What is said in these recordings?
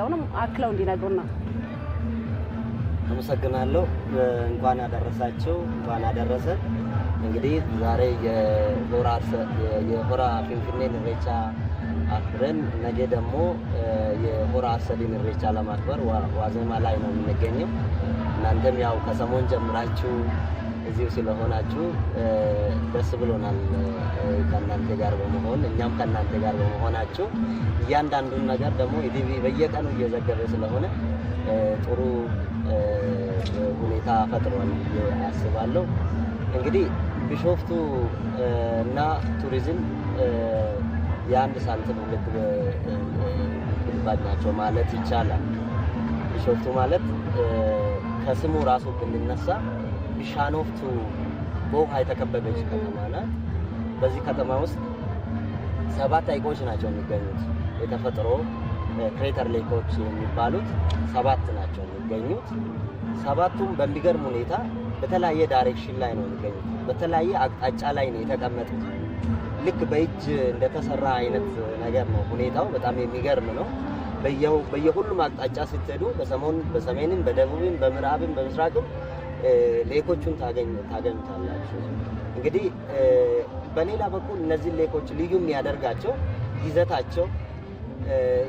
የሚለውንም አክለው እንዲነግሩ ነው። አመሰግናለሁ። እንኳን አደረሳቸው፣ እንኳን አደረሰ። እንግዲህ ዛሬ የሆራ ፊንፊኔን ኢሬቻ አክብረን ነገ ደግሞ የሆራ አርሰዲን ኢሬቻ ለማክበር ዋዜማ ላይ ነው የምንገኘው። እናንተም ያው ከሰሞን ጀምራችሁ እዚሁ ስለሆናችሁ ደስ ብሎናል። ከእናንተ ጋር በመሆን እኛም ከእናንተ ጋር በመሆናችሁ እያንዳንዱን ነገር ደግሞ ኢቲቪ በየቀኑ እየዘገበ ስለሆነ ጥሩ ሁኔታ ፈጥሯል ብዬ አስባለሁ። እንግዲህ ቢሾፍቱ እና ቱሪዝም የአንድ ሳንቲም ሁለት ግልባጭ ናቸው ማለት ይቻላል። ቢሾፍቱ ማለት ከስሙ ራሱ ብንነሳ ቢሻኖፍቱ በውሃ የተከበበች ከተማ ናት። በዚህ ከተማ ውስጥ ሰባት ሐይቆች ናቸው የሚገኙት። የተፈጥሮ ክሬተር ሌኮች የሚባሉት ሰባት ናቸው የሚገኙት። ሰባቱም በሚገርም ሁኔታ በተለያየ ዳይሬክሽን ላይ ነው የሚገኙት። በተለያየ አቅጣጫ ላይ ነው የተቀመጡት። ልክ በእጅ እንደተሰራ አይነት ነገር ነው ሁኔታው። በጣም የሚገርም ነው። በየሁሉም አቅጣጫ ስትሄዱ በሰሜንም፣ በደቡብም፣ በምዕራብም፣ በምስራቅም ሌኮቹን ታገኙታላችሁ። እንግዲህ በሌላ በኩል እነዚህ ሌኮች ልዩ የሚያደርጋቸው ይዘታቸው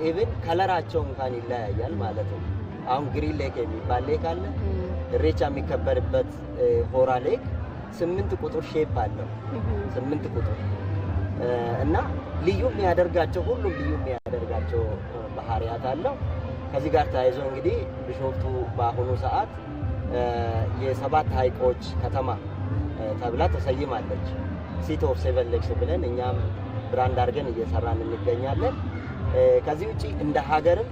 ኢቭን ከለራቸው እንኳን ይለያያል ማለት ነው። አሁን ግሪን ሌክ የሚባል ሌክ አለ። እሬቻ የሚከበርበት ሆራ ሌክ ስምንት ቁጥር ሼፕ አለው። ስምንት ቁጥር እና ልዩ የሚያደርጋቸው ሁሉም ልዩ የሚያደርጋቸው ባህሪያት አለው። ከዚህ ጋር ተያይዞ እንግዲህ ቢሾፍቱ በአሁኑ ሰዓት የሰባት ሀይቆች ከተማ ተብላ ተሰይማለች። ሲቲ ኦፍ ሴቨን ሌክስ ብለን እኛም ብራንድ አድርገን እየሰራን እንገኛለን። ከዚህ ውጭ እንደ ሀገርም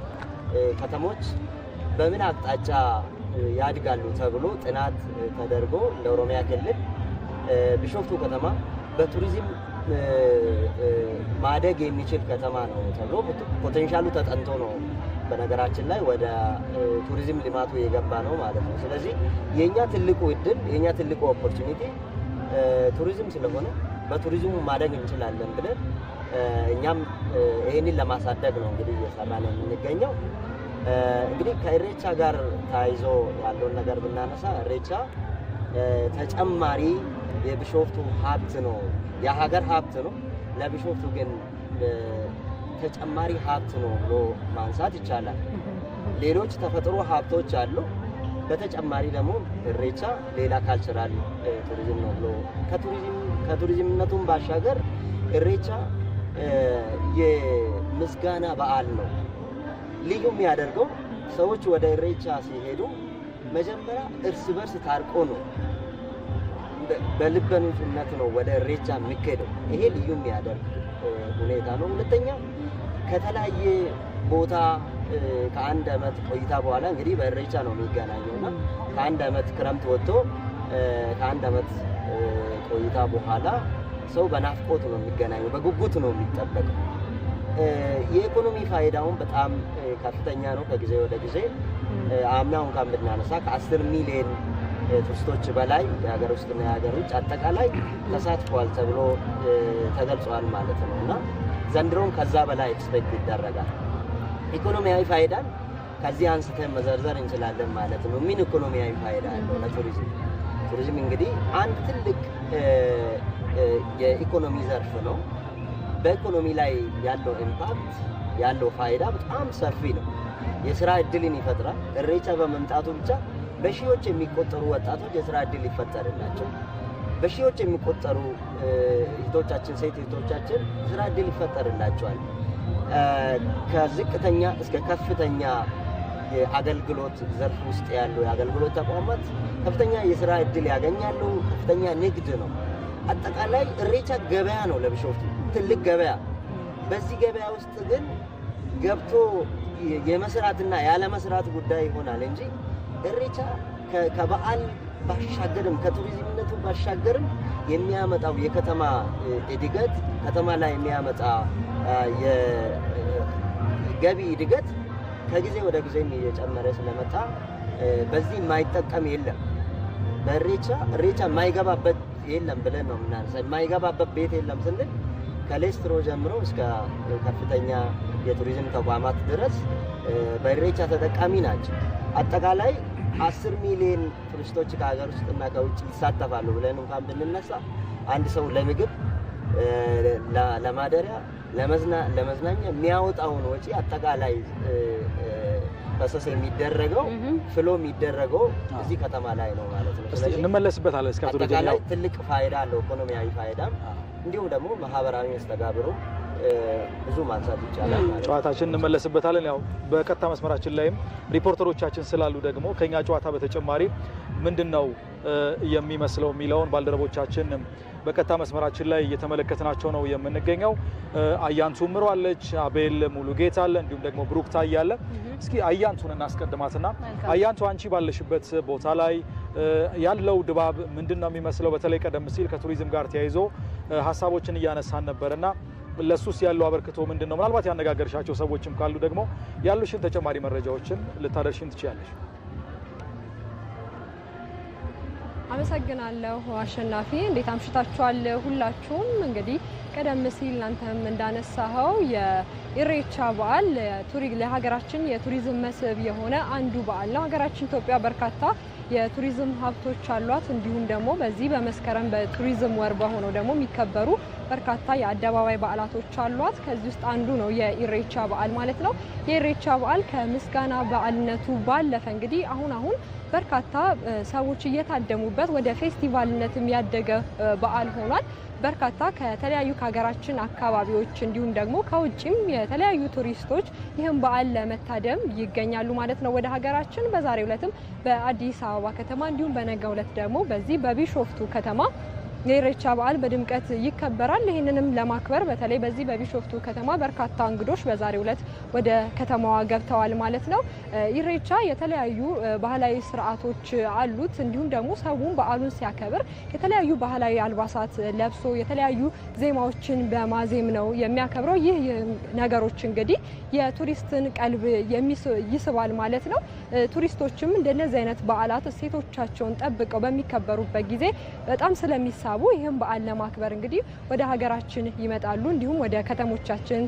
ከተሞች በምን አቅጣጫ ያድጋሉ ተብሎ ጥናት ተደርጎ እንደ ኦሮሚያ ክልል ቢሾፍቱ ከተማ በቱሪዝም ማደግ የሚችል ከተማ ነው ተብሎ ፖቴንሻሉ ተጠንቶ ነው በነገራችን ላይ ወደ ቱሪዝም ልማቱ የገባ ነው ማለት ነው። ስለዚህ የእኛ ትልቁ እድል የእኛ ትልቁ ኦፖርቹኒቲ ቱሪዝም ስለሆነ በቱሪዝሙ ማደግ እንችላለን ብለን እኛም ይህንን ለማሳደግ ነው እንግዲህ ነው የምንገኘው። እንግዲህ ከኢሬቻ ጋር ተያይዞ ያለውን ነገር ብናነሳ ኢሬቻ ተጨማሪ የቢሾፍቱ ሀብት ነው፣ የሀገር ሀብት ነው። ለቢሾፍቱ ግን ተጨማሪ ሀብት ነው ብሎ ማንሳት ይቻላል። ሌሎች ተፈጥሮ ሀብቶች አሉ። በተጨማሪ ደግሞ እሬቻ ሌላ ካልቸራል ቱሪዝም ነው ብሎ ከቱሪዝምነቱን ባሻገር እሬቻ የምስጋና በዓል ነው። ልዩ የሚያደርገው ሰዎች ወደ እሬቻ ሲሄዱ መጀመሪያ እርስ በርስ ታርቆ ነው፣ በልበ ነው ወደ እሬቻ የሚካሄደው። ይሄ ልዩ የሚያደርግ ሁኔታ ነው። ሁለተኛ ከተለያየ ቦታ ከአንድ አመት ቆይታ በኋላ እንግዲህ በእሬቻ ነው የሚገናኘው እና ከአንድ አመት ክረምት ወጥቶ ከአንድ አመት ቆይታ በኋላ ሰው በናፍቆት ነው የሚገናኘው፣ በጉጉት ነው የሚጠበቀው። የኢኮኖሚ ፋይዳውን በጣም ከፍተኛ ነው። ከጊዜ ወደ ጊዜ አምናውን እንኳን ብናነሳ ከ10 ሚሊዮን ቱሪስቶች በላይ የሀገር ውስጥና የሀገር ውጭ አጠቃላይ ተሳትፏል ተብሎ ተገልጿል ማለት ነው እና ዘንድሮም ከዛ በላይ ኤክስፔክት ይደረጋል። ኢኮኖሚያዊ ፋይዳን ከዚህ አንስተን መዘርዘር እንችላለን ማለት ነው። ምን ኢኮኖሚያዊ ፋይዳ ያለው ለቱሪዝም? ቱሪዝም እንግዲህ አንድ ትልቅ የኢኮኖሚ ዘርፍ ነው። በኢኮኖሚ ላይ ያለው ኢምፓክት ያለው ፋይዳ በጣም ሰፊ ነው። የስራ እድልን ይፈጥራል። እሬቻ በመምጣቱ ብቻ በሺዎች የሚቆጠሩ ወጣቶች የስራ እድል ይፈጠርላቸው በሺዎች የሚቆጠሩ እህቶቻችን ሴት እህቶቻችን ስራ እድል ይፈጠርላቸዋል። ከዝቅተኛ እስከ ከፍተኛ የአገልግሎት ዘርፍ ውስጥ ያሉ የአገልግሎት ተቋማት ከፍተኛ የስራ እድል ያገኛሉ። ከፍተኛ ንግድ ነው። አጠቃላይ እሬቻ ገበያ ነው፣ ለቢሾፍቱ ትልቅ ገበያ። በዚህ ገበያ ውስጥ ግን ገብቶ የመስራትና ያለመስራት ጉዳይ ይሆናል እንጂ እሬቻ ከበዓል ባሻገርም ከቱሪዝምነቱ ባሻገርም የሚያመጣው የከተማ እድገት ከተማ ላይ የሚያመጣ የገቢ እድገት ከጊዜ ወደ ጊዜም እየጨመረ ስለመጣ በዚህ የማይጠቀም የለም። በሬቻ ሬቻ የማይገባበት የለም ብለን ነው የምናነሳ። የማይገባበት ቤት የለም ስንል ከሌስትሮ ጀምሮ እስከ ከፍተኛ የቱሪዝም ተቋማት ድረስ በሬቻ ተጠቃሚ ናቸው። አጠቃላይ አስር ሚሊዮን ቱሪስቶች ከሀገር ውስጥ እና ከውጭ ይሳተፋሉ ብለን እንኳን ብንነሳ አንድ ሰው ለምግብ፣ ለማደሪያ፣ ለመዝናኛ የሚያወጣውን ወጪ አጠቃላይ ፈሰስ የሚደረገው ፍሎ የሚደረገው እዚህ ከተማ ላይ ነው ማለት ነው። እንመለስበታለን። አጠቃላይ ትልቅ ፋይዳ አለው፣ ኢኮኖሚያዊ ፋይዳም እንዲሁም ደግሞ ማህበራዊ መስተጋብሩም ብዙ ማንሳት ይቻላል። ጨዋታችን እንመለስበታለን። ያው በቀጥታ መስመራችን ላይም ሪፖርተሮቻችን ስላሉ ደግሞ ከኛ ጨዋታ በተጨማሪ ምንድን ነው የሚመስለው የሚለውን ባልደረቦቻችን በቀጥታ መስመራችን ላይ እየተመለከትናቸው ነው የምንገኘው። አያንቱ ምሮ አለች፣ አቤል ሙሉ ጌታ አለ፣ እንዲሁም ደግሞ ብሩክ ታዬ አለ። እስኪ አያንቱን እናስቀድማትና አያንቱ አንቺ ባለሽበት ቦታ ላይ ያለው ድባብ ምንድን ነው የሚመስለው? በተለይ ቀደም ሲል ከቱሪዝም ጋር ተያይዞ ሀሳቦችን እያነሳን ነበርና ለሱስ ያለው አበርክቶ ምንድን ነው? ምናልባት ያነጋገርሻቸው ሰዎችም ካሉ ደግሞ ያሉሽን ተጨማሪ መረጃዎችን ልታደርሽን ትችላለሽ። አመሰግናለሁ አሸናፊ። እንዴት አምሽታችኋል ሁላችሁም። እንግዲህ ቀደም ሲል እናንተም እንዳነሳኸው የኢሬቻ በዓል ለሀገራችን የቱሪዝም መስህብ የሆነ አንዱ በዓል ነው። ሀገራችን ኢትዮጵያ በርካታ የቱሪዝም ሀብቶች አሏት። እንዲሁም ደግሞ በዚህ በመስከረም በቱሪዝም ወር በሆነው ደግሞ የሚከበሩ በርካታ የአደባባይ በዓላቶች አሏት። ከዚህ ውስጥ አንዱ ነው የኢሬቻ በዓል ማለት ነው። የኢሬቻ በዓል ከምስጋና በዓልነቱ ባለፈ እንግዲህ አሁን አሁን በርካታ ሰዎች እየታደሙበት ወደ ፌስቲቫልነትም ያደገ በዓል ሆኗል። በርካታ ከተለያዩ ከሀገራችን አካባቢዎች እንዲሁም ደግሞ ከውጭም የተለያዩ ቱሪስቶች ይህም በዓል ለመታደም ይገኛሉ ማለት ነው ወደ ሀገራችን። በዛሬው ዕለትም በአዲስ አበባ ከተማ እንዲሁም በነገው ዕለት ደግሞ በዚህ በቢሾፍቱ ከተማ የኢሬቻ በዓል በድምቀት ይከበራል። ይህንንም ለማክበር በተለይ በዚህ በቢሾፍቱ ከተማ በርካታ እንግዶች በዛሬው ዕለት ወደ ከተማዋ ገብተዋል ማለት ነው። ኢሬቻ የተለያዩ ባህላዊ ስርዓቶች አሉት። እንዲሁም ደግሞ ሰውን በዓሉን ሲያከብር የተለያዩ ባህላዊ አልባሳት ለብሶ የተለያዩ ዜማዎችን በማዜም ነው የሚያከብረው። ይህ ነገሮች እንግዲህ የቱሪስትን ቀልብ ይስባል ማለት ነው። ቱሪስቶችም እንደነዚህ አይነት በዓላት እሴቶቻቸውን ጠብቀው በሚከበሩበት ጊዜ በጣም ስለሚሳ ሀሳቡ ይህም በዓል ለማክበር እንግዲህ ወደ ሀገራችን ይመጣሉ፣ እንዲሁም ወደ ከተሞቻችን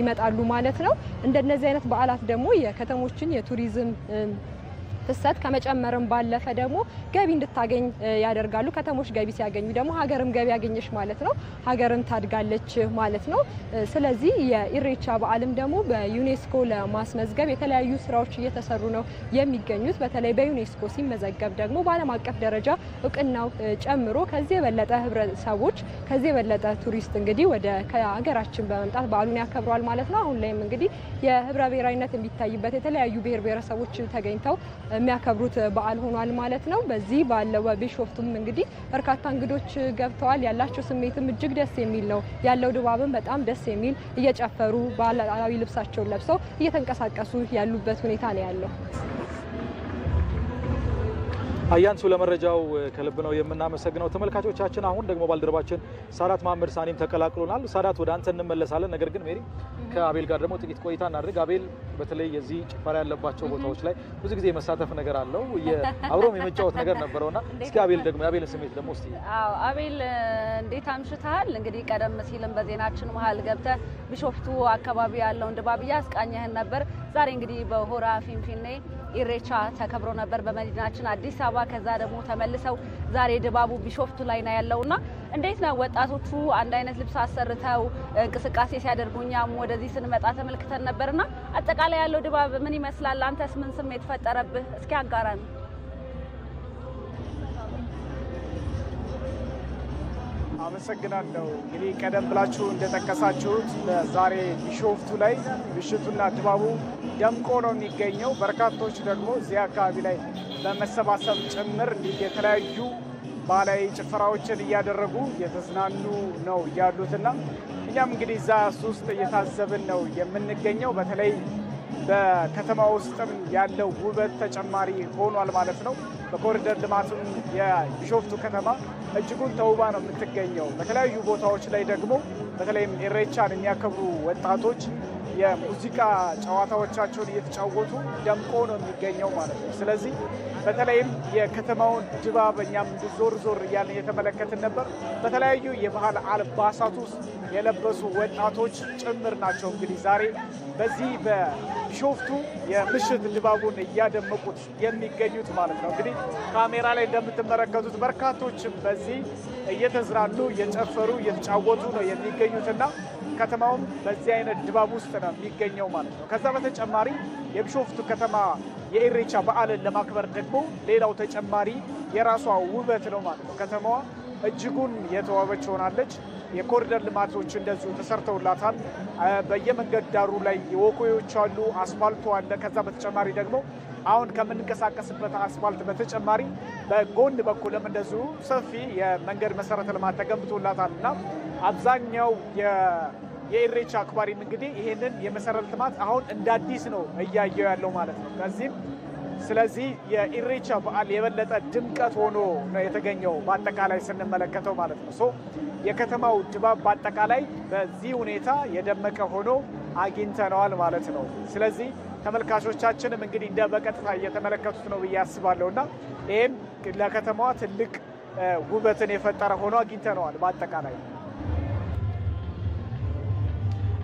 ይመጣሉ ማለት ነው። እንደነዚህ አይነት በዓላት ደግሞ የከተሞችን የቱሪዝም ፍሰት ከመጨመርም ባለፈ ደግሞ ገቢ እንድታገኝ ያደርጋሉ። ከተሞች ገቢ ሲያገኙ ደግሞ ሀገርም ገቢ ያገኘች ማለት ነው፣ ሀገርም ታድጋለች ማለት ነው። ስለዚህ የኢሬቻ በዓልም ደግሞ በዩኔስኮ ለማስመዝገብ የተለያዩ ስራዎች እየተሰሩ ነው የሚገኙት። በተለይ በዩኔስኮ ሲመዘገብ ደግሞ በዓለም አቀፍ ደረጃ እውቅናው ጨምሮ ከዚህ የበለጠ ህብረተሰቦች ከዚህ የበለጠ ቱሪስት እንግዲህ ወደ ሀገራችን በመምጣት በዓሉን ያከብረዋል ማለት ነው። አሁን ላይም እንግዲህ የህብረ ብሔራዊነት የሚታይበት የተለያዩ ብሔር ብሔረሰቦች ተገኝተው የሚያከብሩት በዓል ሆኗል ማለት ነው። በዚህ ባለው በቢሾፍቱም እንግዲህ በርካታ እንግዶች ገብተዋል። ያላቸው ስሜትም እጅግ ደስ የሚል ነው። ያለው ድባብም በጣም ደስ የሚል እየጨፈሩ ባህላዊ ልብሳቸውን ለብሰው እየተንቀሳቀሱ ያሉበት ሁኔታ ነው ያለው። አያንሱ ለመረጃው ከልብ ነው የምናመሰግነው። ተመልካቾቻችን አሁን ደግሞ ባልደረባችን ሳዳት ማምር ሳኒም ተቀላቅሎናል። ሳዳት ወደ አንተ እንመለሳለን። ነገር ግን ሜሪ ከአቤል ጋር ደግሞ ጥቂት ቆይታ እናድርግ። አቤል በተለይ የዚህ ጭፈራ ያለባቸው ቦታዎች ላይ ብዙ ጊዜ የመሳተፍ ነገር አለው፣ አብሮም የመጫወት ነገር ነበረውና እስኪ አቤል ደግሞ የአቤልን ስሜት ደግሞ እስኪ። አቤል እንዴት አምሽተሃል? እንግዲህ ቀደም ሲልም በዜናችን መሀል ገብተህ ቢሾፍቱ አካባቢ ያለውን ድባብ እያስቃኘህን ነበር። ዛሬ እንግዲህ በሆራ ፊንፊኔ ኢሬቻ ተከብሮ ነበር በመዲናችን አዲስ አበባ አበባ ከዛ ደግሞ ተመልሰው ዛሬ ድባቡ ቢሾፍቱ ላይ ያለው ያለውና እንዴት ነው ወጣቶቹ አንድ አይነት ልብስ አሰርተው እንቅስቃሴ ሲያደርጉ እኛም ወደዚህ ስንመጣ ተመልክተን ነበርና አጠቃላይ ያለው ድባብ ምን ይመስላል? አንተስ ምን ስሜት ፈጠረብህ? እስኪ ነው አመሰግናለሁ። እንግዲህ ቀደም ብላችሁ እንደጠቀሳችሁት በዛሬ ቢሾፍቱ ላይ ምሽቱና ድባቡ ደምቆ ነው የሚገኘው። በርካቶች ደግሞ እዚህ አካባቢ ላይ በመሰባሰብ ጭምር እንዲህ የተለያዩ ባህላዊ ጭፈራዎችን እያደረጉ እየተዝናኑ ነው ያሉትና እኛም እንግዲህ እዛ ውስጥ እየታዘብን ነው የምንገኘው። በተለይ በከተማ ውስጥም ያለው ውበት ተጨማሪ ሆኗል ማለት ነው። በኮሪደር ልማቱም የቢሾፍቱ ከተማ እጅጉን ተውባ ነው የምትገኘው። በተለያዩ ቦታዎች ላይ ደግሞ በተለይም ኢሬቻን የሚያከብሩ ወጣቶች የሙዚቃ ጨዋታዎቻቸውን እየተጫወቱ ደምቆ ነው የሚገኘው ማለት ነው። ስለዚህ በተለይም የከተማውን ድባብ እኛም ዞር ዞር እያለን እየተመለከትን ነበር። በተለያዩ የባህል አልባሳት ውስጥ የለበሱ ወጣቶች ጭምር ናቸው እንግዲህ ዛሬ በዚህ በቢሾፍቱ የምሽት ድባቡን እያደመቁት የሚገኙት ማለት ነው። እንግዲህ ካሜራ ላይ እንደምትመለከቱት በርካቶችም በዚህ እየተዝናኑ እየጨፈሩ እየተጫወቱ ነው የሚገኙትና ከተማውም በዚህ አይነት ድባብ ውስጥ ነው የሚገኘው ማለት ነው። ከዛ በተጨማሪ የቢሾፍቱ ከተማ የኢሬቻ በዓልን ለማክበር ደግሞ ሌላው ተጨማሪ የራሷ ውበት ነው ማለት ነው። ከተማዋ እጅጉን የተዋበች ሆናለች። የኮሪደር ልማቶች እንደዚሁ ተሰርተውላታል። በየመንገድ ዳሩ ላይ ወኮዮች አሉ፣ አስፋልቱ አለ። ከዛ በተጨማሪ ደግሞ አሁን ከምንንቀሳቀስበት አስፋልት በተጨማሪ በጎን በኩልም እንደዚሁ ሰፊ የመንገድ መሰረተ ልማት ተገንብቶላታል እና አብዛኛው የኢሬቻ አክባሪም እንግዲህ ይሄንን የመሰረተ ልማት አሁን እንደ አዲስ ነው እያየው ያለው ማለት ነው። ከዚህም ስለዚህ የኢሬቻ በዓል የበለጠ ድምቀት ሆኖ ነው የተገኘው በአጠቃላይ ስንመለከተው ማለት ነው። ሶ የከተማው ድባብ በአጠቃላይ በዚህ ሁኔታ የደመቀ ሆኖ አግኝተነዋል ማለት ነው። ስለዚህ ተመልካቾቻችንም እንግዲህ እንደ በቀጥታ እየተመለከቱት ነው ብዬ አስባለሁ እና ይህም ለከተማዋ ትልቅ ውበትን የፈጠረ ሆኖ አግኝተነዋል በአጠቃላይ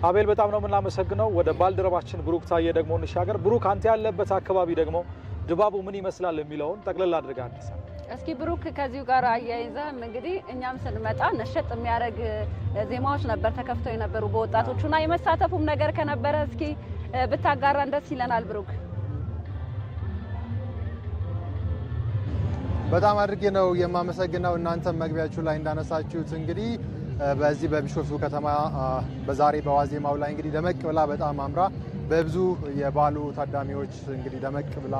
አቤል በጣም ነው የምናመሰግነው። ወደ ባልደረባችን ብሩክ ታየ ደግሞ እንሻገር። ብሩክ አንተ ያለበት አካባቢ ደግሞ ድባቡ ምን ይመስላል የሚለውን ጠቅልላ አድርጋ አዲስ እስኪ ብሩክ ከዚሁ ጋር አያይዘህም እንግዲህ እኛም ስንመጣ ነሸጥ የሚያደርግ ዜማዎች ነበር ተከፍተው የነበሩ በወጣቶቹና የመሳተፉም ነገር ከነበረ እስኪ ብታጋራን ደስ ይለናል። ብሩክ በጣም አድርጌ ነው የማመሰግነው። እናንተ መግቢያችሁ ላይ እንዳነሳችሁት እንግዲህ በዚህ በቢሾፍቱ ከተማ በዛሬ በዋዜማው ላይ እንግዲህ ደመቅ ብላ በጣም አምራ በብዙ የባሉ ታዳሚዎች እንግዲህ ደመቅ ብላ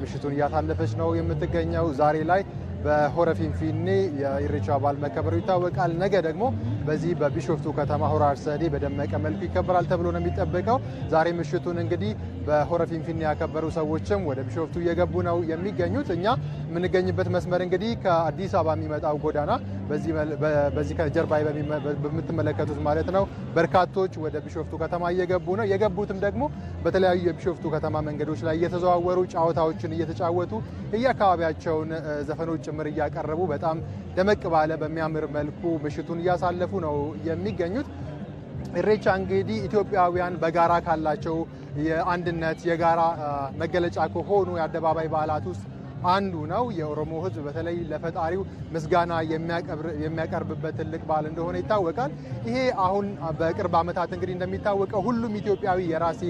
ምሽቱን እያሳለፈች ነው የምትገኘው። ዛሬ ላይ በሆረ ፊንፊኔ የኢሬቻ በዓል መከበሩ ይታወቃል። ነገ ደግሞ በዚህ በቢሾፍቱ ከተማ ሆረ አርሰዴ በደመቀ መልኩ ይከበራል ተብሎ ነው የሚጠበቀው። ዛሬ ምሽቱን እንግዲህ በሆረ ፊንፊኔ ያከበሩ ሰዎችም ወደ ቢሾፍቱ እየገቡ ነው የሚገኙት። እኛ የምንገኝበት መስመር እንግዲህ ከአዲስ አበባ የሚመጣው ጎዳና በዚህ ከጀርባ በምትመለከቱት ማለት ነው። በርካቶች ወደ ቢሾፍቱ ከተማ እየገቡ ነው። የገቡትም ደግሞ በተለያዩ የቢሾፍቱ ከተማ መንገዶች ላይ እየተዘዋወሩ ጨዋታዎችን እየተጫወቱ እየአካባቢያቸውን ዘፈኖች ጭምር እያቀረቡ በጣም ደመቅ ባለ በሚያምር መልኩ ምሽቱን እያሳለፉ ነው የሚገኙት። እሬቻ እንግዲህ ኢትዮጵያውያን በጋራ ካላቸው የአንድነት የጋራ መገለጫ ከሆኑ የአደባባይ በዓላት ውስጥ አንዱ ነው። የኦሮሞ ሕዝብ በተለይ ለፈጣሪው ምስጋና የሚያቀርብበት ትልቅ በዓል እንደሆነ ይታወቃል። ይሄ አሁን በቅርብ ዓመታት እንግዲህ እንደሚታወቀው ሁሉም ኢትዮጵያዊ የራሴ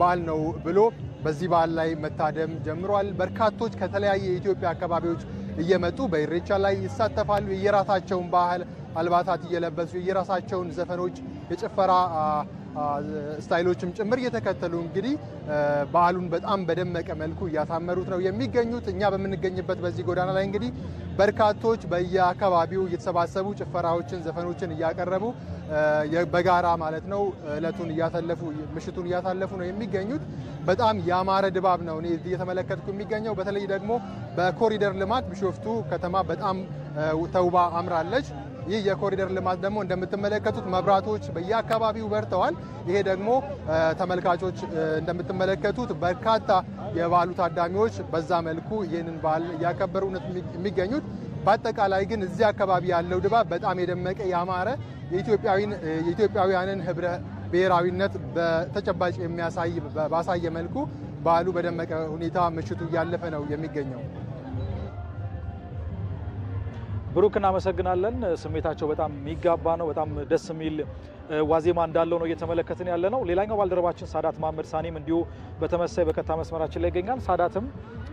በዓል ነው ብሎ በዚህ በዓል ላይ መታደም ጀምሯል። በርካቶች ከተለያየ የኢትዮጵያ አካባቢዎች እየመጡ በኢሬቻ ላይ ይሳተፋሉ። የራሳቸውን ባህል አልባሳት እየለበሱ የራሳቸውን ዘፈኖች የጭፈራ ስታይሎችም ጭምር እየተከተሉ እንግዲህ በዓሉን በጣም በደመቀ መልኩ እያሳመሩት ነው የሚገኙት። እኛ በምንገኝበት በዚህ ጎዳና ላይ እንግዲህ በርካቶች በየአካባቢው እየተሰባሰቡ ጭፈራዎችን፣ ዘፈኖችን እያቀረቡ በጋራ ማለት ነው እለቱን እያሳለፉ ምሽቱን እያሳለፉ ነው የሚገኙት። በጣም ያማረ ድባብ ነው እኔ እየተመለከትኩ የሚገኘው። በተለይ ደግሞ በኮሪደር ልማት ቢሾፍቱ ከተማ በጣም ተውባ አምራለች። ይህ የኮሪደር ልማት ደግሞ እንደምትመለከቱት መብራቶች በየአካባቢው በርተዋል። ይሄ ደግሞ ተመልካቾች እንደምትመለከቱት በርካታ የበዓሉ ታዳሚዎች በዛ መልኩ ይህንን በዓል እያከበሩ እውነት የሚገኙት በአጠቃላይ ግን እዚህ አካባቢ ያለው ድባብ በጣም የደመቀ ያማረ የኢትዮጵያውያንን ህብረ ብሔራዊነት በተጨባጭ የሚያሳይ ባሳየ መልኩ በዓሉ በደመቀ ሁኔታ ምሽቱ እያለፈ ነው የሚገኘው። ብሩክ እናመሰግናለን። ስሜታቸው በጣም የሚጋባ ነው። በጣም ደስ የሚል ዋዜማ እንዳለው ነው እየተመለከትን ያለ ነው። ሌላኛው ባልደረባችን ሳዳት መሀመድ ሳኒም እንዲሁ በተመሳይ በቀጥታ መስመራችን ላይ ይገኛል። ሳዳትም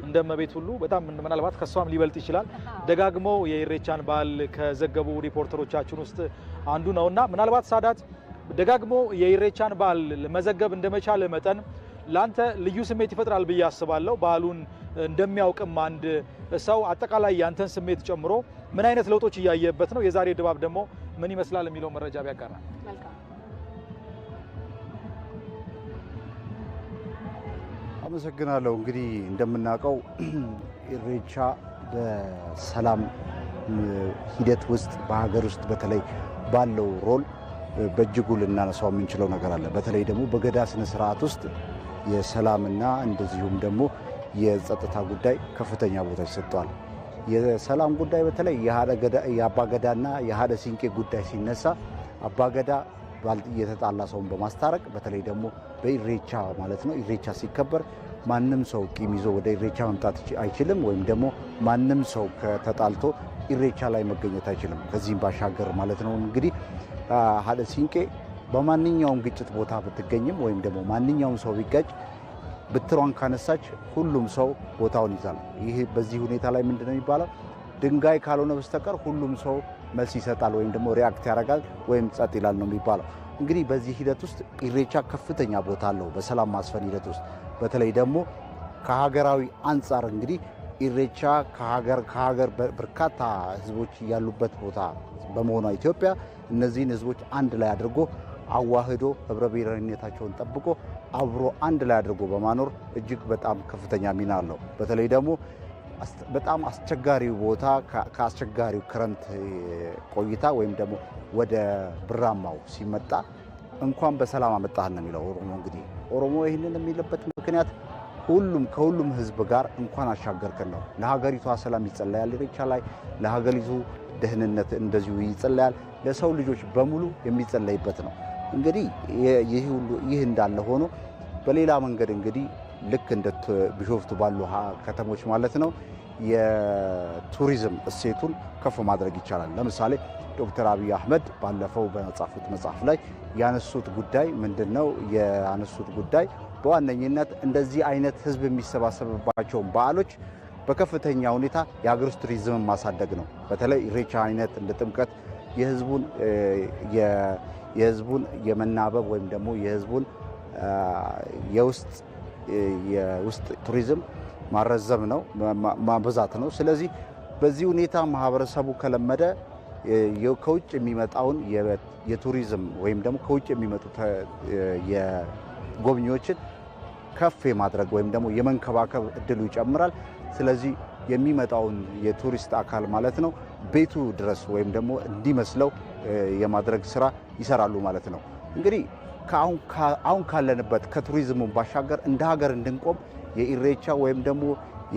እንደ ሁሉ በጣም ምናልባት ከእሷም ሊበልጥ ይችላል። ደጋግሞ የኢሬቻን በዓል ከዘገቡ ሪፖርተሮቻችን ውስጥ አንዱ እና ምናልባት ሳዳት ደጋግሞ የኢሬቻን በዓል መዘገብ እንደመቻለ መጠን ለአንተ ልዩ ስሜት ይፈጥራል ብዬ አስባለሁ። በዓሉን እንደሚያውቅም አንድ ሰው አጠቃላይ ያንተን ስሜት ጨምሮ ምን አይነት ለውጦች እያየበት ነው፣ የዛሬ ድባብ ደግሞ ምን ይመስላል የሚለው መረጃ ቢያጋራል። አመሰግናለሁ። እንግዲህ እንደምናውቀው ኢሬቻ በሰላም ሂደት ውስጥ በሀገር ውስጥ በተለይ ባለው ሮል በእጅጉ ልናነሳው የምንችለው ነገር አለ። በተለይ ደግሞ በገዳ ስነ ስርዓት ውስጥ የሰላምና እንደዚሁም ደግሞ የጸጥታ ጉዳይ ከፍተኛ ቦታ ይሰጠዋል። የሰላም ጉዳይ በተለይ የአባገዳና የሀደ ሲንቄ ጉዳይ ሲነሳ አባገዳ የተጣላ ሰውን በማስታረቅ በተለይ ደግሞ በኢሬቻ ማለት ነው። ኢሬቻ ሲከበር ማንም ሰው ቂም ይዞ ወደ ኢሬቻ መምጣት አይችልም፣ ወይም ደግሞ ማንም ሰው ከተጣልቶ ኢሬቻ ላይ መገኘት አይችልም። ከዚህም ባሻገር ማለት ነው እንግዲህ ሀደ ሲንቄ በማንኛውም ግጭት ቦታ ብትገኝም ወይም ደግሞ ማንኛውም ሰው ቢጋጭ ብትሯን ካነሳች ሁሉም ሰው ቦታውን ይዛል። ይህ በዚህ ሁኔታ ላይ ምንድነው የሚባለው? ድንጋይ ካልሆነ በስተቀር ሁሉም ሰው መልስ ይሰጣል ወይም ደግሞ ሪያክት ያደርጋል ወይም ጸጥ ይላል ነው የሚባለው። እንግዲህ በዚህ ሂደት ውስጥ ኢሬቻ ከፍተኛ ቦታ አለው። በሰላም ማስፈን ሂደት ውስጥ በተለይ ደግሞ ከሀገራዊ አንጻር እንግዲህ ኢሬቻ ከሀገር ከሀገር በርካታ ህዝቦች ያሉበት ቦታ በመሆኗ ኢትዮጵያ እነዚህን ህዝቦች አንድ ላይ አድርጎ አዋህዶ ህብረ ብሔራዊነታቸውን ጠብቆ አብሮ አንድ ላይ አድርጎ በማኖር እጅግ በጣም ከፍተኛ ሚና አለው። በተለይ ደግሞ በጣም አስቸጋሪው ቦታ ከአስቸጋሪው ክረምት ቆይታ ወይም ደግሞ ወደ ብራማው ሲመጣ እንኳን በሰላም አመጣህ ነው የሚለው ኦሮሞ። እንግዲህ ኦሮሞ ይህንን የሚልበት ምክንያት ሁሉም ከሁሉም ህዝብ ጋር እንኳን አሻገርከን ነው። ለሀገሪቷ ሰላም ይጸለያል ኢሬቻ ላይ፣ ለሀገሪቱ ደህንነት እንደዚሁ ይጸለያል። ለሰው ልጆች በሙሉ የሚጸለይበት ነው። እንግዲህ ይህ እንዳለ ሆኖ በሌላ መንገድ እንግዲህ ልክ እንደ ቢሾፍቱ ባሉ ከተሞች ማለት ነው የቱሪዝም እሴቱን ከፍ ማድረግ ይቻላል። ለምሳሌ ዶክተር አብይ አህመድ ባለፈው በጻፉት መጽሐፍ ላይ ያነሱት ጉዳይ ምንድን ነው? ያነሱት ጉዳይ በዋነኝነት እንደዚህ አይነት ህዝብ የሚሰባሰብባቸውን በዓሎች በከፍተኛ ሁኔታ የሀገር ውስጥ ቱሪዝምን ማሳደግ ነው። በተለይ ኢሬቻ አይነት እንደ ጥምቀት የህዝቡን? የህዝቡን የመናበብ ወይም ደግሞ የህዝቡን የውስጥ የውስጥ ቱሪዝም ማረዘም ነው ማብዛት ነው። ስለዚህ በዚህ ሁኔታ ማህበረሰቡ ከለመደ ከውጭ የሚመጣውን የቱሪዝም ወይም ደግሞ ከውጭ የሚመጡ የጎብኚዎችን ከፍ የማድረግ ወይም ደግሞ የመንከባከብ እድሉ ይጨምራል። ስለዚህ የሚመጣውን የቱሪስት አካል ማለት ነው ቤቱ ድረስ ወይም ደግሞ እንዲመስለው የማድረግ ስራ ይሰራሉ ማለት ነው። እንግዲህ አሁን ካለንበት ከቱሪዝሙ ባሻገር እንደ ሀገር እንድንቆም የኢሬቻ ወይም ደግሞ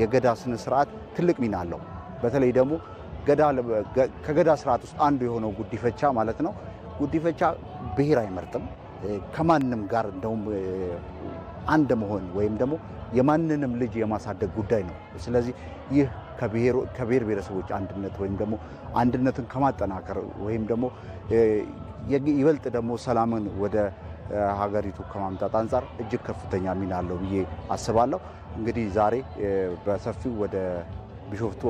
የገዳ ስነ ስርዓት ትልቅ ሚና አለው። በተለይ ደግሞ ከገዳ ስርዓት ውስጥ አንዱ የሆነው ጉዲፈቻ ማለት ነው። ጉዲፈቻ ብሔር አይመርጥም። ከማንም ጋር እንደውም አንድ መሆን ወይም ደግሞ የማንንም ልጅ የማሳደግ ጉዳይ ነው። ስለዚህ ይህ ከብሔር ብሔረሰቦች አንድነት ወይም ደግሞ አንድነትን ከማጠናከር ወይም ደግሞ ይበልጥ ደግሞ ሰላምን ወደ ሀገሪቱ ከማምጣት አንጻር እጅግ ከፍተኛ ሚና አለው ብዬ አስባለሁ። እንግዲህ ዛሬ በሰፊው ወደ ቢሾፍቶ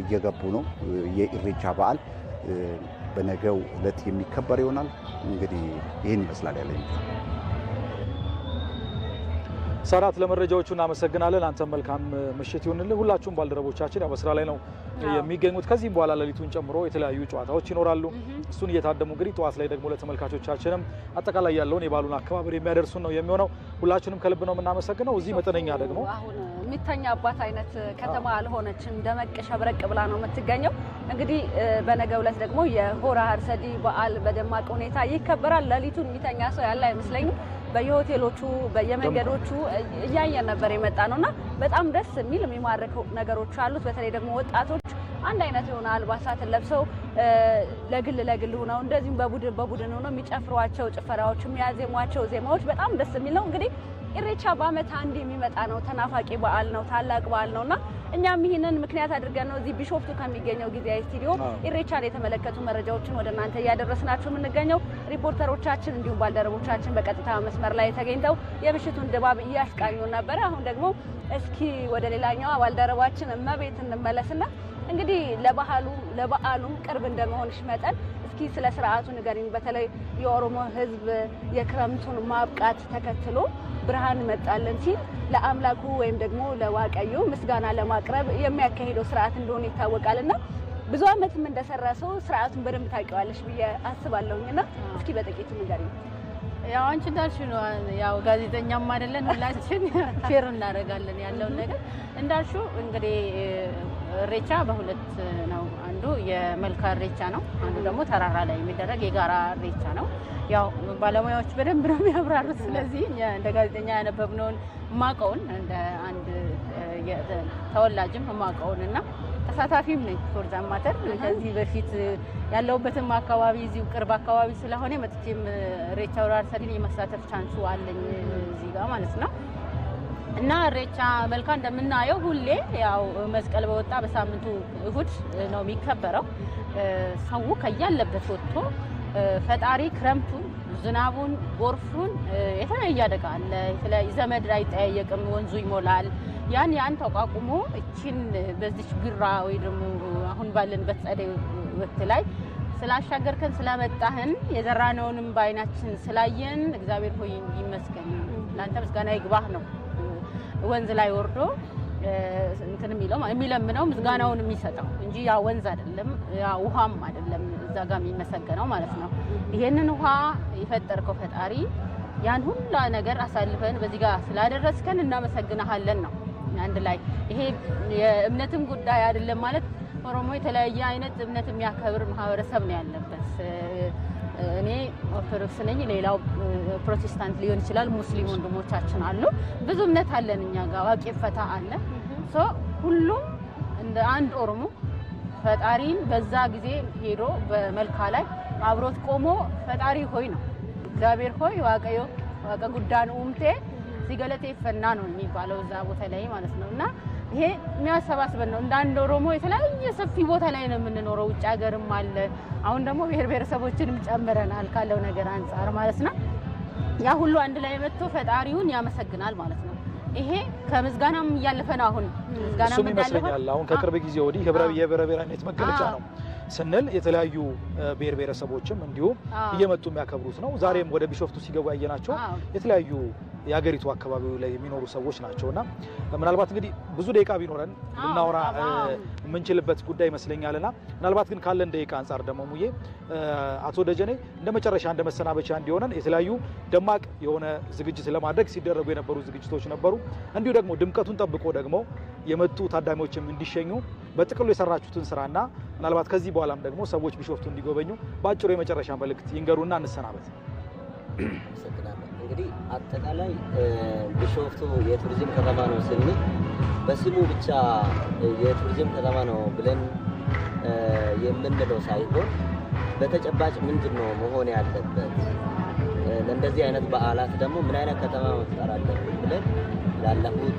እየገቡ ነው። የኢሬቻ በዓል በነገው ዕለት የሚከበር ይሆናል። እንግዲህ ይህን ይመስላል ያለኝ ሰራት ለመረጃዎቹ እናመሰግናለን። አንተም መልካም ምሽት ይሁንልን። ሁላችሁም ባልደረቦቻችን ያው በስራ ላይ ነው የሚገኙት። ከዚህም በኋላ ሌሊቱን ጨምሮ የተለያዩ ጨዋታዎች ይኖራሉ። እሱን እየታደሙ እንግዲህ ጠዋት ላይ ደግሞ ለተመልካቾቻችንም አጠቃላይ ያለውን የባሉን አከባበር የሚያደርሱን ነው የሚሆነው። ሁላችንም ከልብ ነው የምናመሰግነው። እዚህ መጠነኛ ደግሞ የሚተኛ አባት አይነት ከተማ አልሆነችም። ደመቅ ሸብረቅ ብላ ነው የምትገኘው። እንግዲህ በነገ ዕለት ደግሞ የሆራ ሀርሰዲ በዓል በደማቅ ሁኔታ ይከበራል። ሌሊቱን የሚተኛ ሰው ያለ አይመስለኝም። በየሆቴሎቹ በየመንገዶቹ እያየን ነበር የመጣ ነው እና በጣም ደስ የሚል የሚማርከው ነገሮች አሉት። በተለይ ደግሞ ወጣቶች አንድ አይነት የሆነ አልባሳትን ለብሰው ለግል ለግል ሆነው እንደዚሁም በቡድን በቡድን ሆነው የሚጨፍሯቸው ጭፈራዎች፣ የሚያዜሟቸው ዜማዎች በጣም ደስ የሚል ነው። እንግዲህ ኢሬቻ በአመት አንድ የሚመጣ ነው። ተናፋቂ በዓል ነው። ታላቅ በዓል ነው እና እኛም ይህንን ምክንያት አድርገን ነው እዚህ ቢሾፍቱ ከሚገኘው ጊዜያዊ ስቱዲዮ ኢሬቻን የተመለከቱ መረጃዎችን ወደ እናንተ እያደረስናችሁ የምንገኘው። ሪፖርተሮቻችን እንዲሁም ባልደረቦቻችን በቀጥታ መስመር ላይ ተገኝተው የምሽቱን ድባብ እያስቃኙ ነበረ። አሁን ደግሞ እስኪ ወደ ሌላኛዋ ባልደረባችን እመቤት እንመለስና እንግዲህ ለባህሉ ለበዓሉም ቅርብ እንደመሆንሽ መጠን እስኪ ስለ ስርዓቱ ንገሪኝ። በተለይ የኦሮሞ ህዝብ የክረምቱን ማብቃት ተከትሎ ብርሃን መጣለን ሲል ለአምላኩ ወይም ደግሞ ለዋቀዩ ምስጋና ለማቅረብ የሚያካሂደው ስርዓት እንደሆነ ይታወቃል እና ብዙ አመትም እንደሰራ ሰው ስርዓቱን በደንብ ታውቂዋለሽ ብዬ አስባለሁኝ እና እስኪ በጥቂቱ ንገሪኝ። ያው አንቺ እንዳልሽ ነው። ያው ጋዜጠኛም አይደለን ሁላችን ሼር እናደርጋለን ያለውን ነገር እንዳልሽው እንግዲህ እሬቻ በሁለት ነው። አንዱ የመልካ እሬቻ ነው፣ አንዱ ደግሞ ተራራ ላይ የሚደረግ የጋራ እሬቻ ነው። ያው ባለሙያዎች በደንብ ነው የሚያብራሩት። ስለዚህ እንደ ጋዜጠኛ ያነበብነውን እማቀውን እንደ አንድ ተወላጅም እማቀውን እና ተሳታፊም ነኝ ፎርዛን ማተር ከዚህ በፊት ያለውበትም አካባቢ እዚሁ ቅርብ አካባቢ ስለሆነ መጥቼም እሬቻ ወራር ሰዲን የመሳተፍ ቻንሱ አለኝ እዚህ ጋር ማለት ነው። እና እሬቻ መልካ እንደምናየው ሁሌ ያው መስቀል በወጣ በሳምንቱ እሁድ ነው የሚከበረው። ሰው ከያለበት ወጥቶ ፈጣሪ ክረምቱን፣ ዝናቡን፣ ጎርፉን የተለያየ አደጋ አለ። ዘመድ አይጠያየቅም፣ ወንዙ ይሞላል። ያን ያን ተቋቁሞ እችን በዚች ግራ ወይ ደግሞ አሁን ባለንበት ጸደይ ወቅት ላይ ስላሻገርከን ስለመጣህን የዘራነውንም በአይናችን ስላየን እግዚአብሔር ሆይ ይመስገን። ለአንተ ምስጋና ይግባህ ነው ወንዝ ላይ ወርዶ እንትን የሚለው የሚለምነው ምስጋናውን የሚሰጠው እንጂ ያ ወንዝ አይደለም፣ ያ ውሃም አይደለም እዛ ጋር የሚመሰገነው ማለት ነው። ይሄንን ውሃ የፈጠርከው ፈጣሪ ያን ሁላ ነገር አሳልፈን በዚህ ጋር ስላደረስከን እናመሰግናሃለን ነው አንድ ላይ። ይሄ የእምነትም ጉዳይ አይደለም ማለት ኦሮሞ የተለያየ አይነት እምነት የሚያከብር ማህበረሰብ ነው ያለበት እኔ ኦርቶዶክስ ነኝ፣ ሌላው ፕሮቴስታንት ሊሆን ይችላል። ሙስሊም ወንድሞቻችን አሉ። ብዙ እምነት አለን እኛ ጋር ዋቄ ፈታ አለ። ሶ ሁሉም እንደ አንድ ኦሮሞ ፈጣሪን በዛ ጊዜ ሄዶ በመልካ ላይ አብሮት ቆሞ ፈጣሪ ሆይ ነው እግዚአብሔር ሆይ ዋቀዮ ዋቀ ጉዳን ኡምቴ ሲገለቴ ፈና ነው የሚባለው እዛ ቦታ ላይ ማለት ነው እና ይሄ የሚያሰባስበን ነው። እንደ አንድ ኦሮሞ የተለያየ ሰፊ ቦታ ላይ ነው የምንኖረው። ውጭ ሀገርም አለ። አሁን ደግሞ ብሔር ብሔረሰቦችንም ጨምረናል ካለው ነገር አንጻር ማለት ነው። ያ ሁሉ አንድ ላይ መጥቶ ፈጣሪውን ያመሰግናል ማለት ነው። ይሄ ከምዝጋናም እያለፈ ነው። አሁን ምዝጋናም ይመስለኛል አሁን ከቅርብ ጊዜ ወዲህ የብሔረ ብሔራዊነት መገለጫ ነው ስንል የተለያዩ ብሔር ብሔረሰቦችም እንዲሁም እየመጡ የሚያከብሩት ነው። ዛሬም ወደ ቢሾፍቱ ሲገቡ ያየናቸው የተለያዩ የሀገሪቱ አካባቢ ላይ የሚኖሩ ሰዎች ናቸው እና ምናልባት እንግዲህ ብዙ ደቂቃ ቢኖረን ልናወራ የምንችልበት ጉዳይ ይመስለኛል እና ምናልባት ግን ካለን ደቂቃ አንጻር ደግሞ ሙዬ አቶ ደጀኔ እንደ መጨረሻ እንደ መሰናበቻ እንዲሆነን የተለያዩ ደማቅ የሆነ ዝግጅት ለማድረግ ሲደረጉ የነበሩ ዝግጅቶች ነበሩ። እንዲሁ ደግሞ ድምቀቱን ጠብቆ ደግሞ የመጡ ታዳሚዎችም እንዲሸኙ በጥቅሉ የሰራችሁትን ስራና ምናልባት ከዚህ በኋላም ደግሞ ሰዎች ቢሾፍቱ እንዲጎበኙ በአጭሩ የመጨረሻ መልእክት ይንገሩና እንሰናበት። እንግዲህ አጠቃላይ ቢሾፍቱ የቱሪዝም ከተማ ነው ስንል በስሙ ብቻ የቱሪዝም ከተማ ነው ብለን የምንለው ሳይሆን በተጨባጭ ምንድን ነው መሆን ያለበት፣ ለእንደዚህ አይነት በዓላት ደግሞ ምን አይነት ከተማ መፍጠር አለብን ብለን ላለፉት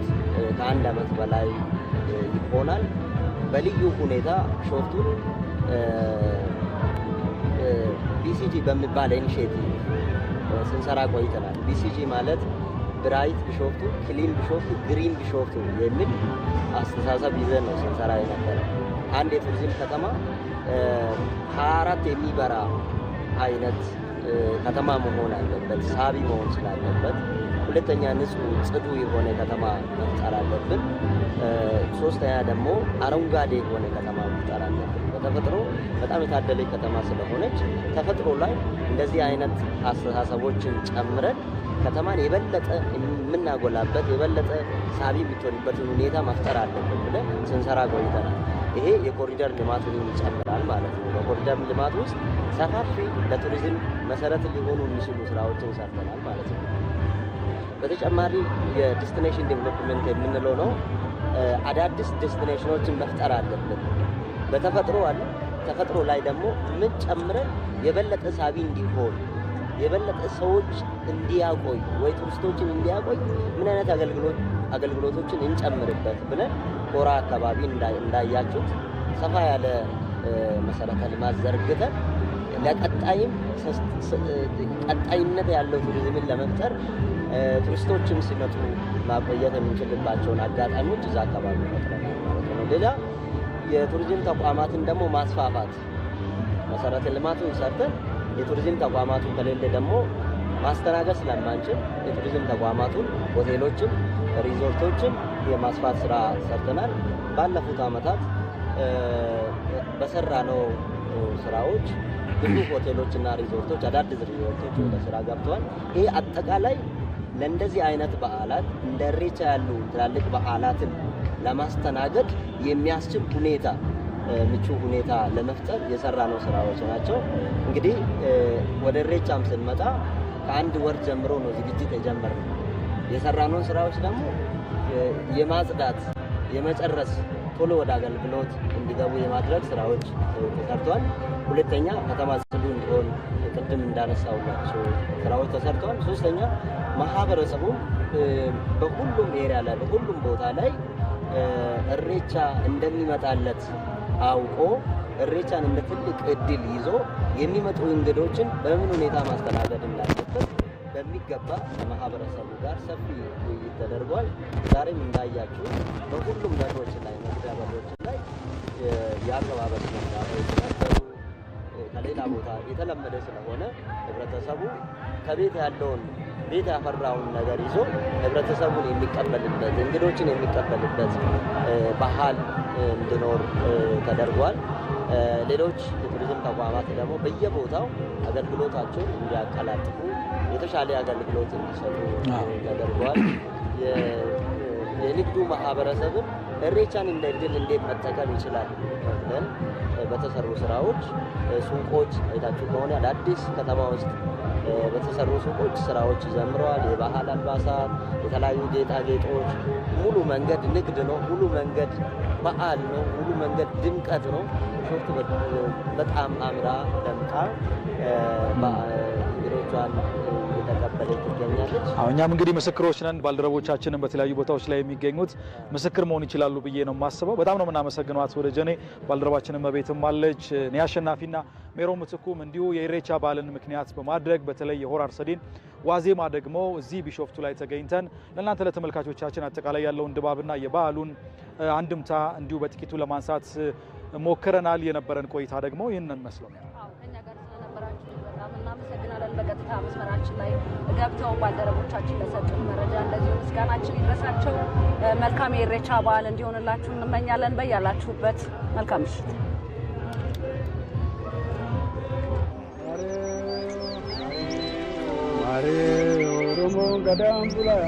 ከአንድ ዓመት በላይ ይሆናል በልዩ ሁኔታ ቢሾፍቱን ቢሲጂ በሚባል ኢኒሽቲቭ ስንሰራ ቆይተናል። ቢሲጂ ማለት ብራይት ቢሾፍቱ፣ ክሊን ቢሾፍቱ፣ ግሪን ቢሾፍቱ የሚል አስተሳሰብ ይዘን ነው ስንሰራ የነበረ። አንድ የቱሪዝም ከተማ 24 የሚበራ አይነት ከተማ መሆን አለበት፣ ሳቢ መሆን ስላለበት። ሁለተኛ ንጹህ ጽዱ የሆነ ከተማ መፍጠር አለብን። ሶስተኛ ደግሞ አረንጓዴ የሆነ ከተማ መፍጠር ተፈጥሮ በጣም የታደለች ከተማ ስለሆነች ተፈጥሮ ላይ እንደዚህ አይነት አስተሳሰቦችን ጨምረን ከተማን የበለጠ የምናጎላበት የበለጠ ሳቢ የምትሆንበትን ሁኔታ መፍጠር አለብን ብለን ስንሰራ ቆይተናል። ይሄ የኮሪደር ልማቱን ይጨምራል ማለት ነው። በኮሪደር ልማት ውስጥ ሰፋፊ ለቱሪዝም መሰረት ሊሆኑ የሚችሉ ስራዎችን ሰርተናል ማለት ነው። በተጨማሪ የዴስቲኔሽን ዴቨሎፕመንት የምንለው ነው። አዳዲስ ዴስቲኔሽኖችን መፍጠር አለብን። በተፈጥሮ አለ። ተፈጥሮ ላይ ደግሞ ምን ጨምረን የበለጠ ሳቢ እንዲሆን የበለጠ ሰዎች እንዲያቆይ ወይ ቱሪስቶችን እንዲያቆይ ምን አይነት አገልግሎት አገልግሎቶችን እንጨምርበት ብለን ኮራ አካባቢ እንዳያችሁት ሰፋ ያለ መሰረተ ልማት ዘርግተን ለቀጣይም ቀጣይነት ያለው ቱሪዝምን ለመፍጠር ቱሪስቶችም ሲመጡ ማቆየት የምንችልባቸውን አጋጣሚዎች እዛ አካባቢ ፈጥረናል ማለት ነው። ሌላ የቱሪዝም ተቋማትን ደግሞ ማስፋፋት መሰረተ ልማቱን ሰርተን የቱሪዝም ተቋማቱን ከሌለ ደግሞ ማስተናገድ ስለማንችል የቱሪዝም ተቋማቱን ሆቴሎችም ሪዞርቶችም የማስፋት ስራ ሰርተናል። ባለፉት አመታት በሰራ ነው ስራዎች ብዙ ሆቴሎችና ሪዞርቶች አዳዲስ ሪዞርቶች ወደ ስራ ገብተዋል። ይህ አጠቃላይ ለእንደዚህ አይነት በዓላት እንደ ሬቻ ያሉ ትላልቅ በዓላትን ለማስተናገድ የሚያስችል ሁኔታ ምቹ ሁኔታ ለመፍጠር የሰራ ነው ስራዎች ናቸው። እንግዲህ ወደ ኢሬቻም ስንመጣ ከአንድ ወር ጀምሮ ነው ዝግጅት የጀመርነው። የሰራነውን ስራዎች ደግሞ የማጽዳት የመጨረስ ቶሎ ወደ አገልግሎት እንዲገቡ የማድረግ ስራዎች ተሰርተዋል። ሁለተኛ ከተማ ጽዱ እንዲሆን ቅድም እንዳነሳውላቸው ስራዎች ተሰርተዋል። ሶስተኛ ማህበረሰቡ በሁሉም ኤሪያ ላይ በሁሉም ቦታ ላይ እሬቻ እንደሚመጣለት አውቆ እሬቻን እንደ ትልቅ እድል ይዞ የሚመጡ እንግዶችን በምን ሁኔታ ማስተናገድ እንዳለበት በሚገባ ከማህበረሰቡ ጋር ሰፊ ውይይት ተደርጓል። ዛሬም እንዳያችሁ በሁሉም በሮች ላይ መግቢያ በሮች ላይ የአቀባበል ነበሩ። ከሌላ ቦታ የተለመደ ስለሆነ ህብረተሰቡ ከቤት ያለውን ቤት ያፈራውን ነገር ይዞ ህብረተሰቡን የሚቀበልበት እንግዶችን የሚቀበልበት ባህል እንዲኖር ተደርጓል። ሌሎች የቱሪዝም ተቋማት ደግሞ በየቦታው አገልግሎታቸውን እንዲያቀላጥፉ የተሻለ አገልግሎት እንዲሰጡ ተደርጓል። የንግዱ ማህበረሰብን እሬቻን እንደ እድል እንዴት መጠቀም ይችላል ብለን በተሰሩ ስራዎች ሱቆች አይታችሁ ከሆነ አዳዲስ ከተማ ውስጥ በተሰሩ ሱቆች ስራዎች ዘምረዋል። የባህል አልባሳት፣ የተለያዩ ጌጣጌጦች። ሙሉ መንገድ ንግድ ነው። ሙሉ መንገድ በዓል ነው። ሙሉ መንገድ ድምቀት ነው። ሾርቱ በጣም አምራ ደምቃ እንግዶቿን እየተቀበለች ትገኛለች። እኛም እንግዲህ ምስክሮች ነን። ባልደረቦቻችንን በተለያዩ ቦታዎች ላይ የሚገኙት ምስክር መሆን ይችላሉ ብዬ ነው የማስበው። በጣም ነው የምናመሰግነው አቶ ደጀኔ። ባልደረባችንም መቤትም አለች። እኔ አሸናፊና ሜሮ ምትኩም እንዲሁ የኢሬቻ በዓልን ምክንያት በማድረግ በተለይ የሆር አርሰዲን ዋዜማ ደግሞ እዚህ ቢሾፍቱ ላይ ተገኝተን ለእናንተ ለተመልካቾቻችን አጠቃላይ ያለውን ድባብና የበዓሉን አንድምታ እንዲሁ በጥቂቱ ለማንሳት ሞክረናል። የነበረን ቆይታ ደግሞ ይህንን ነው። በቀጥታ መስመራችን ላይ ገብተው ባልደረቦቻችን ለሰጡን መረጃ እንደዚሁ ምስጋናችን ይድረሳቸው። መልካም የኢሬቻ በዓል እንዲሆንላችሁ እንመኛለን። በያላችሁበት መልካም ምሽት። ኦሮሞ ገዳም ቡላ